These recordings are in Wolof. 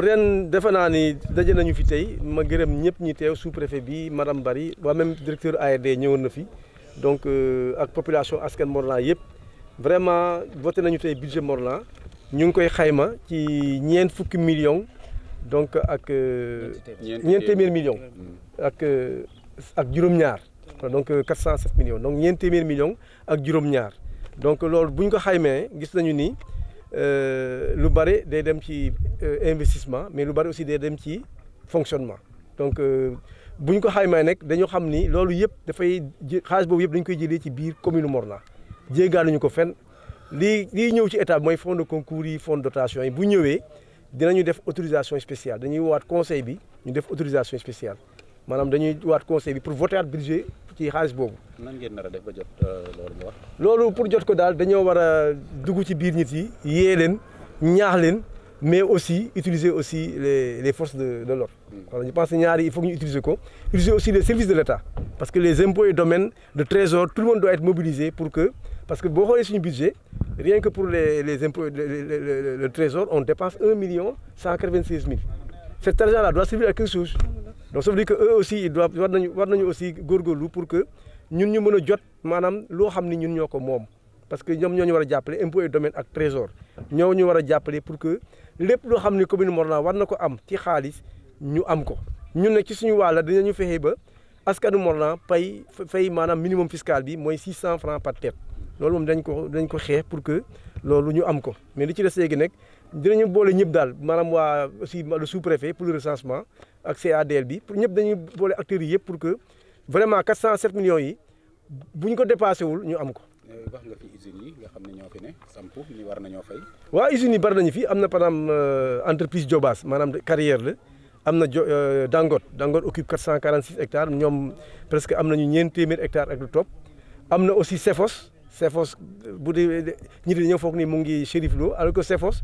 ren defe naa ni daje nañu fi tey ma gërëm ñëpp ñi teew sous préfet bi madame Bari waa même directeur ARD ñëwoon na fi donc euh, ak population askan Mont-Rolland yëpp vraiment voté nañu tey budget Mont-Rolland ñu ngi koy xayma ci ñeent fukki million donc ak ñeent téeméer million ak ak juróom-ñaar donc quatre cent sept donc ñeent téeméer millions ak juróom donc loolu bu ñu ko xaymee gis nañu ni Euh, lu bari day dem ci euh, investissement mais lu bari aussi day dem ci fonctionnement donc euh, bu ñu ko xaymaa nag dañoo xam ni loolu yëpp dafay xaalis boobu yëpp dañ koy jëlee ci biir commune Morna jéegaanuñu ko fen lii lii ñëw ci état mooy fond de concours yi fonds de dotation yi bu ñëwee dinañu def autorisation spéciale dañuy waat conseil bi ñu def autorisation spéciale maanaam dañuy waat conseil bi pour voter at budget ci xaalis boobu. nan ngeen euh, loolu pour jot ko daal dañoo war a dugg ci biir nit yi yee leen mais aussi utiliser aussi les les de de l'ordre. Hmm. voilà ñaari il faut que ñu utiliser ko utiliser aussi les services de l'État parce que les impôts domaines de trésor tout le monde doit être mobilisé pour que parce que boo xoolee suñu budget rien que pour les les impôts le trésor on dépense un million cent quatre-vingt-seize mille donc ça veut que aussi ils doivent war nañu war nañu aussi góorgóorlu pour que ñun ñu mën jot maanaam loo xam ni ñun ñoo ko moom parce que ñoom ñoo ñu war a jàppale impôt et domaine ak trésor ñoo ñu war a jàppale pour que lépp loo xam ni commune Morna war na ko am ci xaalis ñu am ko ñun nag ci suñu wàll dinañu fexe ba askanu Morna pay fay maanaam minimum fiscal bi mooy six cent francs par tête loolu moom dañ ko dañ ko xeex pour que loolu ñu am ko mais li ci des léegi nag dinañu boole ñëpp daal maanaam waa aussi le sous-préfet pour le recensement ak CADL bi pour ñëpp dañuy boole acteurs yi yëpp pour que vraiment 407 millions yi bu ñu ko dépassé wul ñu am ko. Euh, wax nga fi usines yi nga xam ne ñoo fi ne samp war nañoo fay. waa usines yi bari nañu fi am na par exemple euh, entreprise Jobaas maanaam carrière la am na jo euh, Dangote Dangote occupe 446 hectares ñoom presque am nañu ñeent téeméer hectare ak lu topp am na aussi Cefos. Cefos bu dee ñi di ñëw foog ni mu ngi Chérif Lo alors que Cefos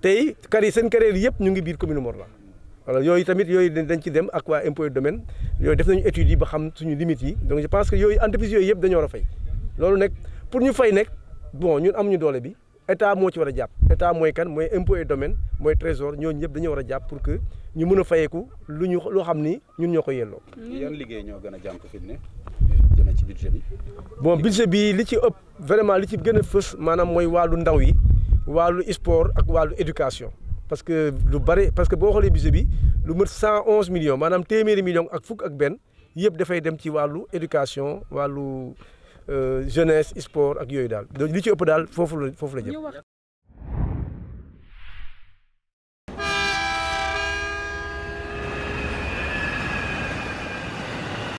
tey kar seen carrière yëpp ñu ngi biir commune Mont la voilà yooyu tamit yooyu dañ ci dem ak waa impôt domaine yooyu def nañu études yi ba xam suñu limites yi donc je pense que yooyu entreprises yooyu yëpp dañoo war a loolu nag pour ñu fay nekk bon ñun am ñu doole bi état moo ci war a jàpp état mooy kan mooy impôt et domaine mooy trésor ñooñu ñëpp dañu war a jàpp pour que ñu mën a fayeeku lu ñu loo xam ni ñun ñoo ko yelloo. Mm. yan liggéey ñoo gën a jàmp fi ne jëme ci budget bi. bon budget bi li ci ëpp vraiment li ci gën a fës maanaam mooy wàllu ndaw yi wàllu sport ak wàllu éducation parce que lu bare parce que boo xoolee budget bi lu mat cent onze million maanaam téeméeri millions ak fukk ak benn yëpp dafay dem ci wàllu éducation wàllu. Euh, jeunesse sport ak yooyu daal li ci ëpp daal foofu la foofu la jëm.